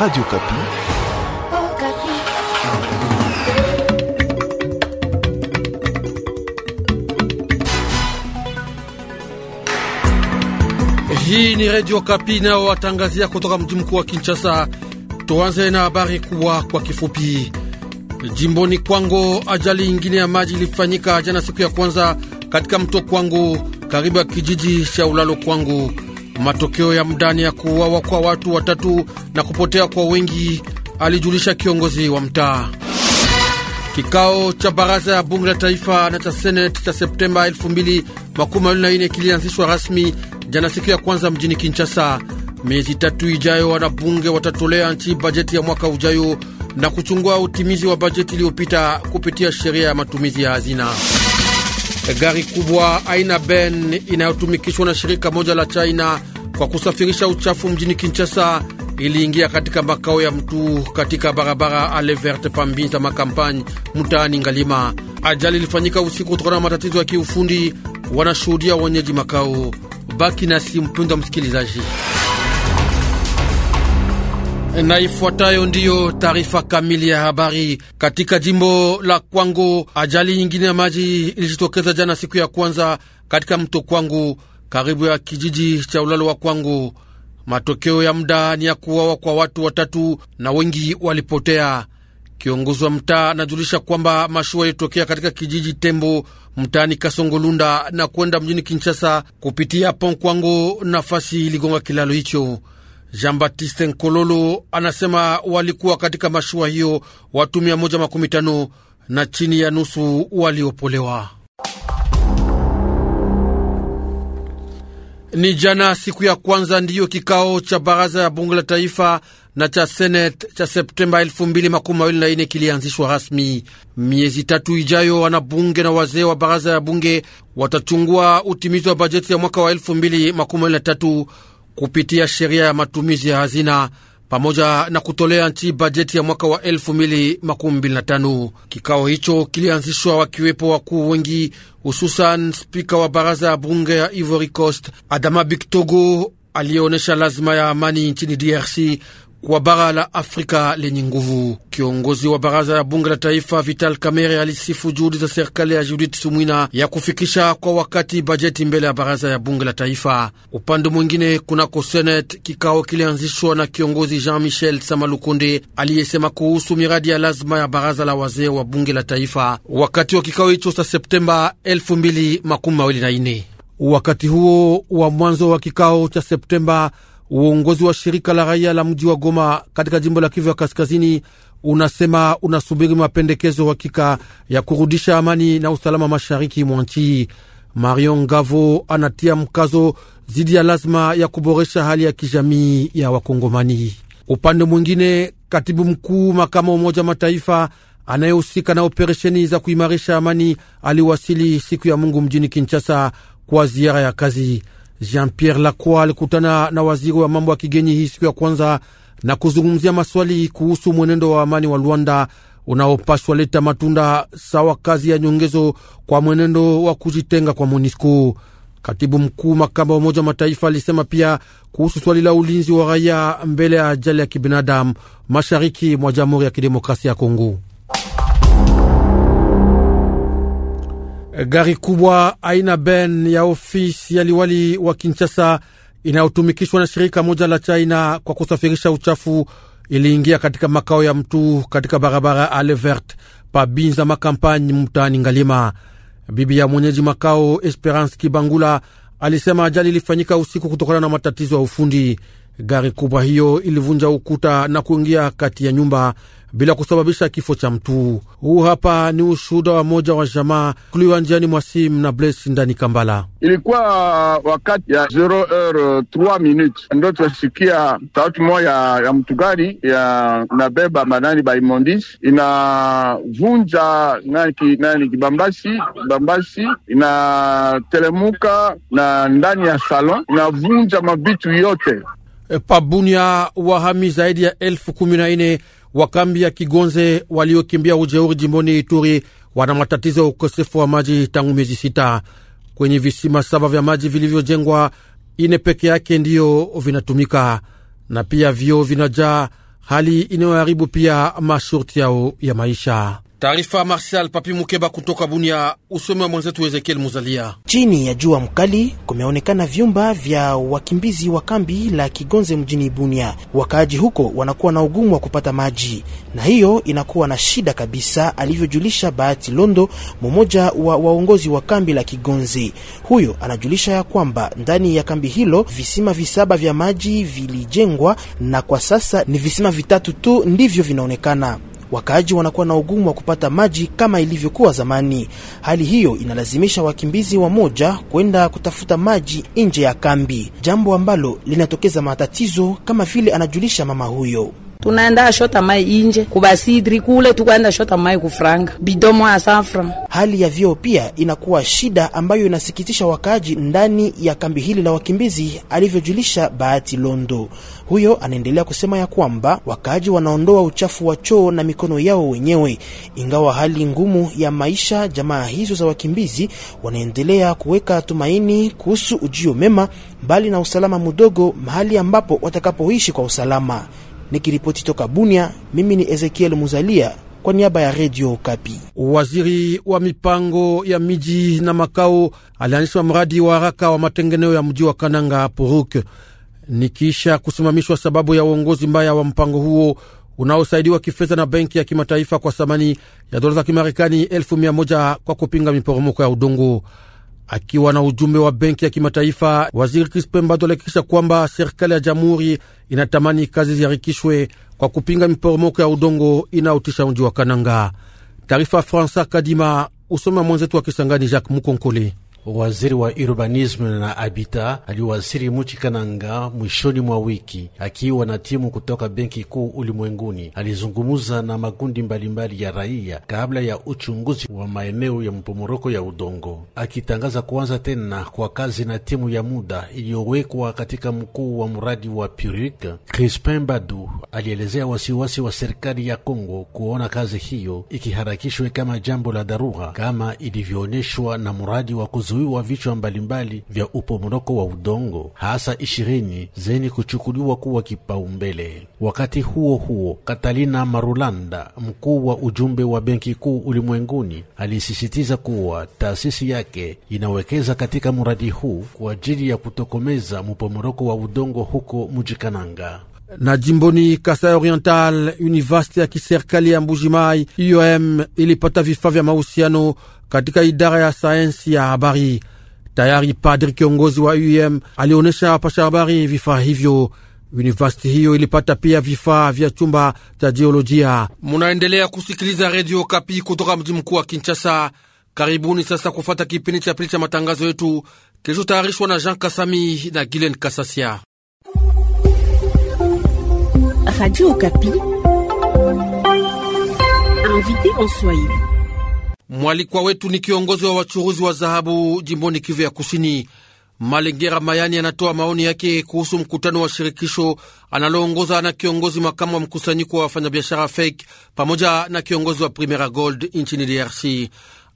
Radio Kapi. Hii ni Radio Kapi nao watangazia kutoka mji mkuu wa Kinshasa. Tuanze na habari kubwa kwa kifupi. Jimboni Kwango, ajali nyingine ya maji ilifanyika jana siku ya kwanza katika mto Kwango karibu ya kijiji cha Ulalo Kwango matokeo ya mdani ya kuuawa kwa watu watatu na kupotea kwa wengi, alijulisha kiongozi wa mtaa. Kikao cha baraza ya bunge la taifa na cha seneti cha Septemba 2024 kilianzishwa rasmi jana siku ya kwanza mjini Kinshasa. Miezi tatu ijayo, wanabunge watatolea nchi bajeti ya mwaka ujayo na kuchungua utimizi wa bajeti iliyopita kupitia sheria ya matumizi ya hazina. Gari kubwa aina Ben inayotumikishwa na shirika moja la China kwa kusafirisha uchafu mjini Kinshasa iliingia katika makao ya mtu katika barabara Aleverte Pambinza makampani mtaani Ngalima. Ajali ilifanyika usiku kutokana na matatizo ya kiufundi, wanashuhudia wenyeji makao. Baki nasi mpendwa msikilizaji. Na ifuatayo ndiyo taarifa kamili ya habari. Katika jimbo la Kwango, ajali nyingine ya maji ilijitokeza jana siku ya kwanza katika mto Kwangu, karibu ya kijiji cha ulalo wa Kwangu. Matokeo ya muda ni ya kuwawa kwa watu watatu na wengi walipotea. Kiongozi wa mtaa anajulisha kwamba mashua ilitokea katika kijiji Tembo mtaani Kasongolunda na kwenda mjini Kinshasa kupitia Pont Kwango, nafasi iligonga kilalo hicho. Jean-Baptiste Nkololo anasema walikuwa katika mashua hiyo watu 115 na chini ya nusu waliopolewa. Ni jana siku ya kwanza ndiyo kikao cha baraza ya bunge la taifa na cha senete cha Septemba 2024 kilianzishwa rasmi. Miezi tatu ijayo, wanabunge na wazee wa baraza ya bunge watachungua utimizi wa bajeti ya mwaka wa 2023 kupitia sheria ya matumizi ya hazina pamoja na kutolea nchi bajeti ya mwaka wa 2025. Kikao hicho kilianzishwa wakiwepo wakuu wengi, hususan spika wa baraza ya bunge ya Ivory Coast Adama Bictogo aliyeonyesha lazima ya amani nchini DRC kwa bara la Afrika lenye nguvu. Kiongozi wa baraza ya bunge la taifa Vital Kamerhe alisifu juhudi za serikali ya Judith Sumwina ya kufikisha kwa wakati bajeti mbele ya baraza ya bunge la taifa. Upande mwingine, kunako Senate, kikao kilianzishwa na kiongozi Jean Michel Samalukonde aliyesema kuhusu miradi ya lazima ya baraza la wazee wa bunge la taifa wakati wa kikao hicho cha Septemba 2024. Wakati huo wa mwanzo wa kikao cha Septemba Uongozi wa shirika la raia la mji wa Goma katika jimbo la Kivu ya Kaskazini unasema unasubiri mapendekezo hakika ya kurudisha amani na usalama mashariki mwa nchi. Marion Ngavo anatia mkazo dhidi ya lazima ya kuboresha hali ya kijamii ya Wakongomani. Upande mwingine, katibu mkuu makama Umoja Mataifa anayehusika na operesheni za kuimarisha amani aliwasili siku ya Mungu mjini Kinshasa kwa ziara ya kazi. Jean-Pierre Lacroix alikutana na waziri wa mambo ya kigeni hii siku ya kwanza na kuzungumzia maswali kuhusu mwenendo wa amani wa Luanda unaopashwa leta matunda sawa kazi ya nyongezo kwa mwenendo wa kujitenga kwa MONUSCO. Katibu mkuu makamba wa Umoja wa Mataifa alisema pia kuhusu swali la ulinzi wa raia mbele ya ajali ya kibinadamu mashariki mwa Jamhuri ya Kidemokrasia ya Kongo. Gari kubwa aina ben ya ofisi ya liwali wa Kinshasa inayotumikishwa na shirika moja la China kwa kusafirisha uchafu iliingia katika makao ya mtu katika barabara Alevert Pabinza Makampani mtaani Ngalima. Bibi ya mwenyeji makao Esperance Kibangula alisema ajali ilifanyika usiku kutokana na matatizo ya ufundi. Gari kubwa hiyo ilivunja ukuta na kuingia kati ya nyumba bila kusababisha kifo cha mtu. Huu hapa ni ushuhuda wa moja wa jamaa kuliwa njiani Mwasim na Bles ndani Kambala. Ilikuwa wakati ya 03 minute ndo tunasikia sauti moja ya, ya mtugari ya nabeba manani baimondis inavunja nani, nani kibambasi bambasi inatelemuka na ndani ya salon inavunja mabitu yote Eh, Pabunia wahami zaidi ya elfu kumi na nne wa kambi ya Kigonze waliokimbia ujeuri jimboni Ituri wana matatizo ya ukosefu wa maji tangu miezi sita. Kwenye visima saba vya maji vilivyojengwa, ine peke yake ndiyo vinatumika na pia vyoo vinajaa, hali inayoharibu pia masharti yao ya maisha. Taarifa marshal Papi Mukeba kutoka Bunia, usome wa mwenzetu Ezekiel Muzalia. Chini ya jua mkali kumeonekana vyumba vya wakimbizi wa kambi la Kigonze mjini Bunia. Wakaaji huko wanakuwa na ugumu wa kupata maji, na hiyo inakuwa na shida kabisa, alivyojulisha Bahati Londo, mmoja wa waongozi wa kambi la Kigonze. Huyo anajulisha ya kwamba ndani ya kambi hilo visima visaba vya maji vilijengwa na kwa sasa ni visima vitatu tu ndivyo vinaonekana wakaaji wanakuwa na ugumu wa kupata maji kama ilivyokuwa zamani. Hali hiyo inalazimisha wakimbizi wa moja kwenda kutafuta maji nje ya kambi, jambo ambalo linatokeza matatizo kama vile anajulisha mama huyo tunaenda shota mai inje kubasidri kule tukaenda shota mai kufranga bidomo ya safra. Hali ya vyoo pia inakuwa shida ambayo inasikitisha wakaaji ndani ya kambi hili la wakimbizi, alivyojulisha Bahati Londo. Huyo anaendelea kusema ya kwamba wakaaji wanaondoa uchafu wa choo na mikono yao wenyewe, ingawa hali ngumu ya maisha jamaa hizo za wakimbizi wanaendelea kuweka tumaini kuhusu ujio mema, mbali na usalama mdogo mahali ambapo watakapoishi kwa usalama. Nikiripoti toka Bunia, mimi ni Ezekiel Muzalia kwa niaba ya Redio Kapi. Waziri wa mipango ya miji na makao alianzishwa mradi wa haraka wa matengeneo ya mji wa Kananga Puruk nikiisha kusimamishwa sababu ya uongozi mbaya wa mpango huo unaosaidiwa kifedha na benki ya kimataifa kwa thamani ya dola za Kimarekani elfu mia moja kwa kupinga miporomoko ya udongo. Akiwa na ujumbe wa benki ya kimataifa, waziri Crispe Mbado alihakikisha kwamba serikali ya jamhuri inatamani kazi ziharikishwe kwa kupinga miporomoko ya udongo inayotisha mji wa Kananga. Taarifa Fransa Kadima, usome mwenzetu wa Kisangani, Jacques Mukonkole. Waziri wa urbanisme na habita aliwasiri muchi Kananga mwishoni mwa wiki akiwa na timu kutoka benki kuu ulimwenguni. Alizungumuza na makundi mbalimbali ya raia kabla ya uchunguzi wa maeneo ya mpomoroko ya udongo, akitangaza kuanza tena kwa kazi na timu ya muda iliyowekwa katika mkuu wa mradi wa Purik. Crispin Badu alielezea wasiwasi wa serikali ya Kongo kuona kazi hiyo ikiharakishwe kama jambo la dharura kama ilivyoonyeshwa na mradi wa kuzu kuzuiwa vichwa mbalimbali vya upomoroko wa udongo, hasa ishirini zeni kuchukuliwa kuwa kipaumbele. Wakati huo huo, Katalina Marulanda, mkuu wa ujumbe wa Benki Kuu ulimwenguni, alisisitiza kuwa taasisi yake inawekeza katika mradi huu kwa ajili ya kutokomeza mupomoroko wa udongo huko Mujikananga. Na jimboni Kasai Oriental, university ya kiserikali ya Mbujimai IOM ilipata vifaa vya mahusiano katika idara ya sayensi ya habari. Tayari padri kiongozi wa UOM alionyesha wapasha habari vifaa hivyo. Universiti hiyo ilipata pia vifaa vya chumba cha jiolojia. Munaendelea kusikiliza redio Kapi kutoka mji mkuu wa Kinshasa. Karibuni sasa kufata kipindi cha pili cha matangazo yetu kilichotayarishwa na Jean Kasami na Gilen Kasasia. Radio Okapi, invité en Swahili. Mwalikwa wetu ni kiongozi wa wachuruzi wa dhahabu jimboni Kivu ya Kusini. Malengera Mayani anatoa maoni yake kuhusu mkutano wa shirikisho analoongoza na kiongozi makamu wa mkusanyiko wa wafanyabiashara fake pamoja na kiongozi wa Primera Gold nchini DRC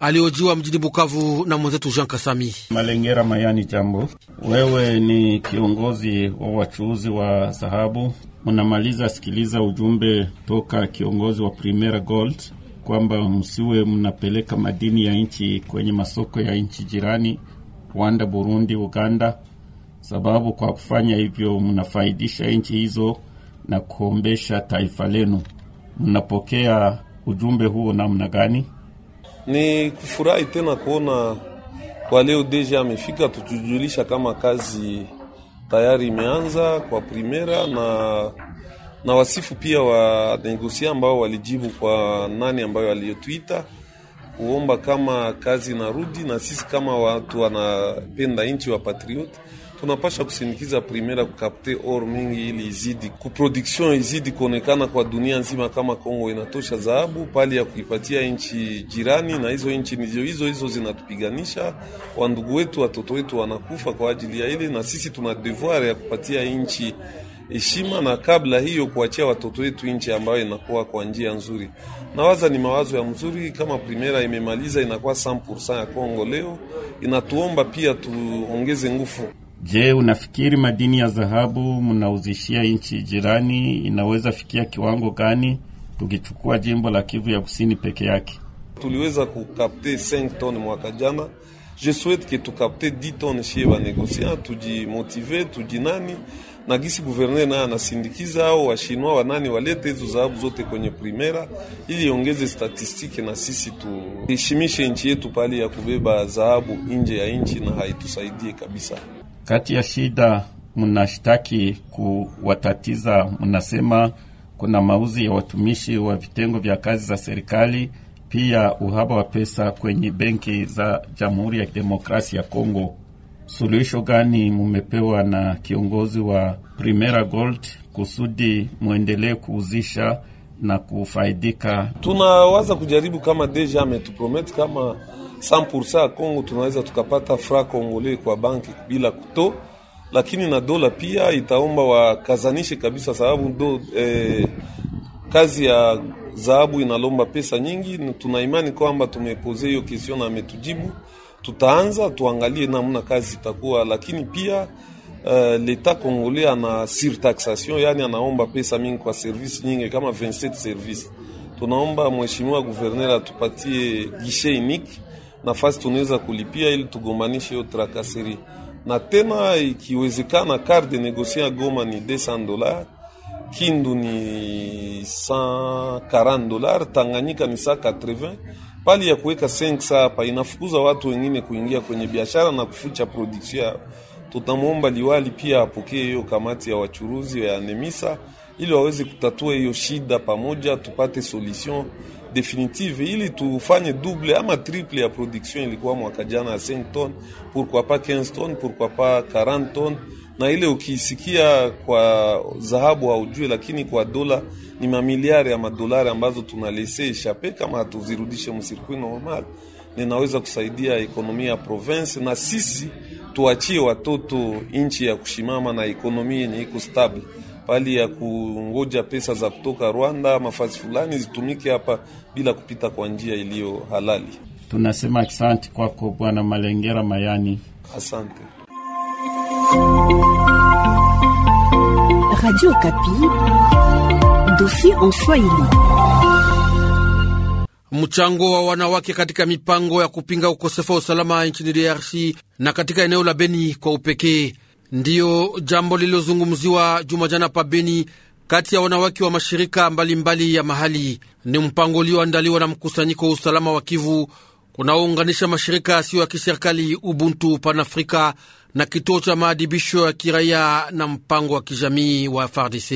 aliojiwa mjini Bukavu na mwenzetu Jean Kasami Malengera Mayani. Jambo, wewe ni kiongozi wa wachuuzi wa dhahabu, mnamaliza sikiliza ujumbe toka kiongozi wa Primera Gold kwamba msiwe mnapeleka madini ya nchi kwenye masoko ya nchi jirani Rwanda, Burundi, Uganda, sababu kwa kufanya hivyo mnafaidisha nchi hizo na kuombesha taifa lenu. Mnapokea ujumbe huo namna gani? Ni kufurahi tena kuona kwa leo deja amefika, tutujulisha kama kazi tayari imeanza kwa primera, na na wasifu pia wa negosia ambao walijibu kwa nani ambayo aliyotuita kuomba kama kazi inarudi, na sisi kama watu wanapenda nchi wa patrioti tunapasha kusindikiza primera kukapte or mingi ili izidi kuproduksion izidi kuonekana kwa dunia nzima, kama Kongo inatosha dhahabu pali ya kuipatia nchi jirani, na hizo nchi ndio hizo hizo zinatupiganisha. Wandugu wetu watoto wetu wanakufa kwa ajili ya ile, na sisi tuna devoir ya kupatia nchi heshima na kabla hiyo kuachia watoto wetu nchi ambayo inakuwa kwa njia nzuri. Nawaza ni mawazo ya mzuri. Kama Primera imemaliza inakuwa 100% ya Kongo leo, inatuomba pia tuongeze nguvu. Je, unafikiri madini ya dhahabu mnauzishia nchi jirani inaweza fikia kiwango gani tukichukua jimbo la Kivu ya kusini peke yake? Tuliweza kukapte 5 ton mwaka jana. Je souhaite que tukapte 10 ton shie banegosia, tujimotive, tujinani na gisi guverne naye anasindikiza ao washinwa wanani walete hizo dhahabu zote kwenye primera, ili iongeze statistiki na sisi tuheshimishe nchi yetu pale ya kubeba dhahabu nje ya nchi, na haitusaidie kabisa. Kati ya shida mnashtaki kuwatatiza, mnasema kuna mauzi ya watumishi wa vitengo vya kazi za serikali, pia uhaba wa pesa kwenye benki za Jamhuri ya Kidemokrasia ya Kongo. Suluhisho gani mumepewa na kiongozi wa Primera Gold kusudi mwendelee kuuzisha na kufaidika? Tunawaza kujaribu kama deja ametupromet kama 100% ya Kongo tunaweza tukapata fra kongole kwa banki bila kuto, lakini na dola pia itaomba wakazanishe kabisa, sababu ndo eh, kazi ya dhahabu inalomba pesa nyingi. Tunaimani kwamba tumepoze hiyo question na ametujibu. Tutaanza tuangalie namna kazi itakuwa, lakini pia Uh, eh, leta kongole ana surtaxation, yani anaomba pesa mingi kwa service nyingi kama 27 service. Tunaomba mheshimiwa guverner atupatie guichet unique nafasi tunaweza kulipia ili tugombanishe hiyo trakaseri, na tena ikiwezekana, carte de negociant Goma ni 200 dollars, Kindu ni 140 Tanganyika ni 180 pali ya kuweka sensa hapa inafukuza watu wengine kuingia kwenye biashara na kuficha production yao. Tutamwomba liwali pia apokee hiyo kamati ya wachuruzi ya Nemisa ili waweze kutatua hiyo shida pamoja, tupate solution definitive ili tufanye double ama triple ya production ilikuwa mwaka jana ya 5 ton, pourquoi pas 15 ton, pourquoi pas 40 ton. Na ile ukiisikia kwa dhahabu haujui, lakini kwa dola ni mamiliari ya madolari ambazo tunalese ishape kama hatuzirudishe msirkui normal, ninaweza kusaidia ekonomia ya province, na sisi tuachie watoto nchi ya kushimama na ekonomia yenye iko stable pali ya kungoja pesa za kutoka Rwanda mafasi fulani zitumike hapa bila kupita kwa njia iliyo halali. Tunasema asante kwako Bwana Malengera Mayani, asante. Radio Kapi, dossier en Swahili. Mchango wa wanawake katika mipango ya kupinga ukosefu wa usalama nchini DRC na katika eneo la Beni kwa upekee ndiyo jambo lililozungumziwa juma jana pabeni kati ya wanawake wa mashirika mbalimbali mbali ya mahali. Ni mpango ulioandaliwa na mkusanyiko wa usalama wa Kivu kunaounganisha mashirika yasiyo ya kiserikali Ubuntu Panafrika na kituo cha maadibisho ya kiraia na mpango wa kijamii wa FARDC.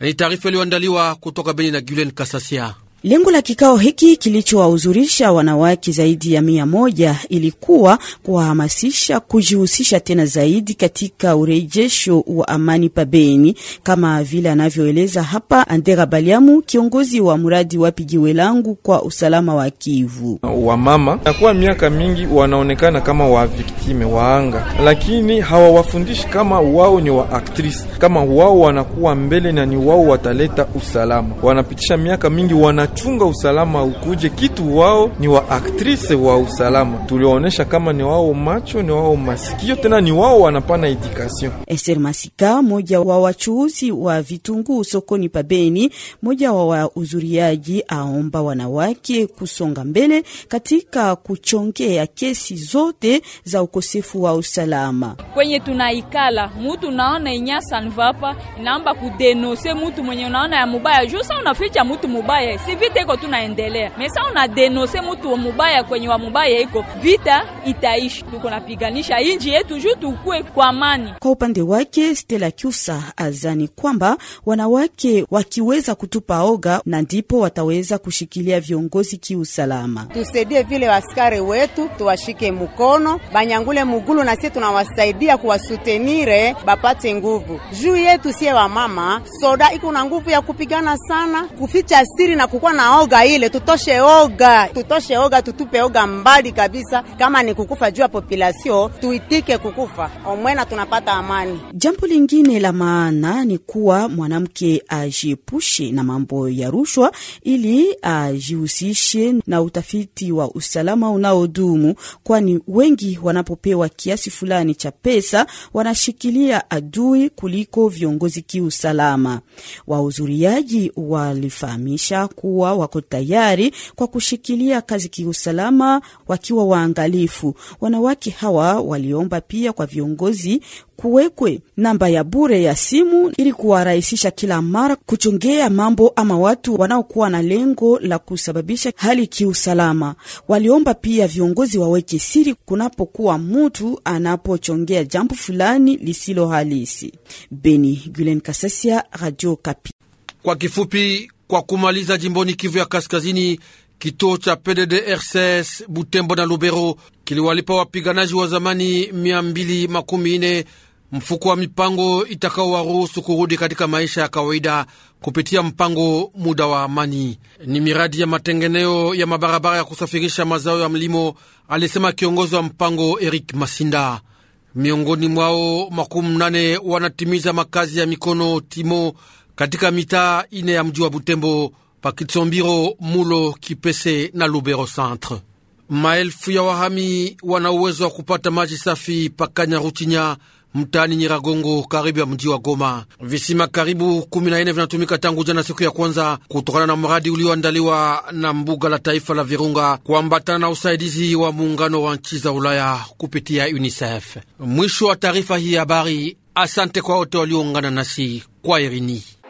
Ni taarifa iliyoandaliwa kutoka Beni na Gulen Kasasia. Lengo la kikao hiki kilichowahuzurisha wanawake zaidi ya mia moja ilikuwa kuwahamasisha kujihusisha tena zaidi katika urejesho wa amani pabeni, kama vile anavyoeleza hapa Andera Baliamu, kiongozi wa mradi Wapigiwe langu kwa usalama wa Kivu. Wamama nakuwa miaka mingi wanaonekana kama waviktime waanga, lakini hawawafundishi kama wao ni waaktris, kama wao wanakuwa mbele na ni wao wataleta usalama. Wanapitisha miaka mingi wana wanachunga usalama ukuje kitu, wao ni wa aktrise wa usalama, tulionyesha kama ni wao macho, ni wao masikio, tena ni wao wanapana edikasyon. Esther Masika, moja wa wachuuzi wa vitunguu sokoni pabeni, moja wa wahudhuriaji, aomba wanawake kusonga mbele katika kuchongea kesi zote za ukosefu wa usalama kwenye tunaikala. Mutu naona inyasa nvapa inaomba kudenose mutu mwenye unaona ya mubaya, juu sa unaficha mutu mubaya sivi vita iko tunaendelea mesa, una denose wa mubaya kwenye wa mubaya iko vita itaishi, tuko napiganisha inji yetu juu tukue kwa amani. Kwa upande wake Stella Kyusa azani kwamba wanawake wakiweza kutupa oga na ndipo wataweza kushikilia viongozi kiusalama. Tusaidie vile waskari wetu, tuwashike mkono, banyangule mugulu, na sie tunawasaidia kuwasutenire bapate nguvu juu yetu. Sie wamama soda iko na nguvu ya kupigana sana, kuficha siri na kuku tunakuwa na oga ile, tutoshe oga, tutoshe oga, tutupe oga mbali kabisa. Kama ni kukufa juu ya populasio, tuitike kukufa omwena, tunapata amani. Jambo lingine la maana ni kuwa mwanamke ajiepushe na mambo ya rushwa, ili ajihusishe na utafiti wa usalama unaodumu, kwani wengi wanapopewa kiasi fulani cha pesa wanashikilia adui kuliko viongozi kiusalama. Wahudhuriaji walifahamisha ku kuwa wako tayari kwa kushikilia kazi kiusalama wakiwa waangalifu. Wanawake hawa waliomba pia kwa viongozi kuwekwe namba ya bure ya simu ili kuwarahisisha kila mara kuchongea mambo ama watu wanaokuwa na lengo la kusababisha hali kiusalama. Waliomba pia viongozi waweke siri kunapokuwa mtu anapochongea jambo fulani lisilo halisi. Beni Gulen Kasasia, Radio Kapi. Kwa kifupi kwa kumaliza jimboni Kivu ya Kaskazini. Kituo cha PDDRCS Butembo na Lubero kiliwalipa wapiganaji wa zamani 214 mfuko wa mipango itakaowaruhusu kurudi katika maisha ya kawaida kupitia mpango muda wa amani. Ni miradi ya matengeneo ya mabarabara ya kusafirisha mazao ya mlimo, alisema kiongozi wa mpango Eric Masinda. Miongoni mwao makumi nane wanatimiza makazi ya mikono timo katika mitaa ine ya mji wa Butembo pa Kitsombiro, Mulo, Kipese na Lubero Centre. Maelfu ya wahami wana uwezo wa kupata maji safi pa ruchinya mtaani Nyiragongo karibu ya mji wa Goma. Visima karibu kumi na nne vinatumika tangu jana siku ya kwanza kutokana na mradi ulioandaliwa na mbuga la taifa la Virunga kuambatana na usaidizi wa muungano wa nchi za Ulaya kupitia UNICEF. Mwisho wa taarifa hii habari. Asante kwa wote walioungana nasi kwa Irini.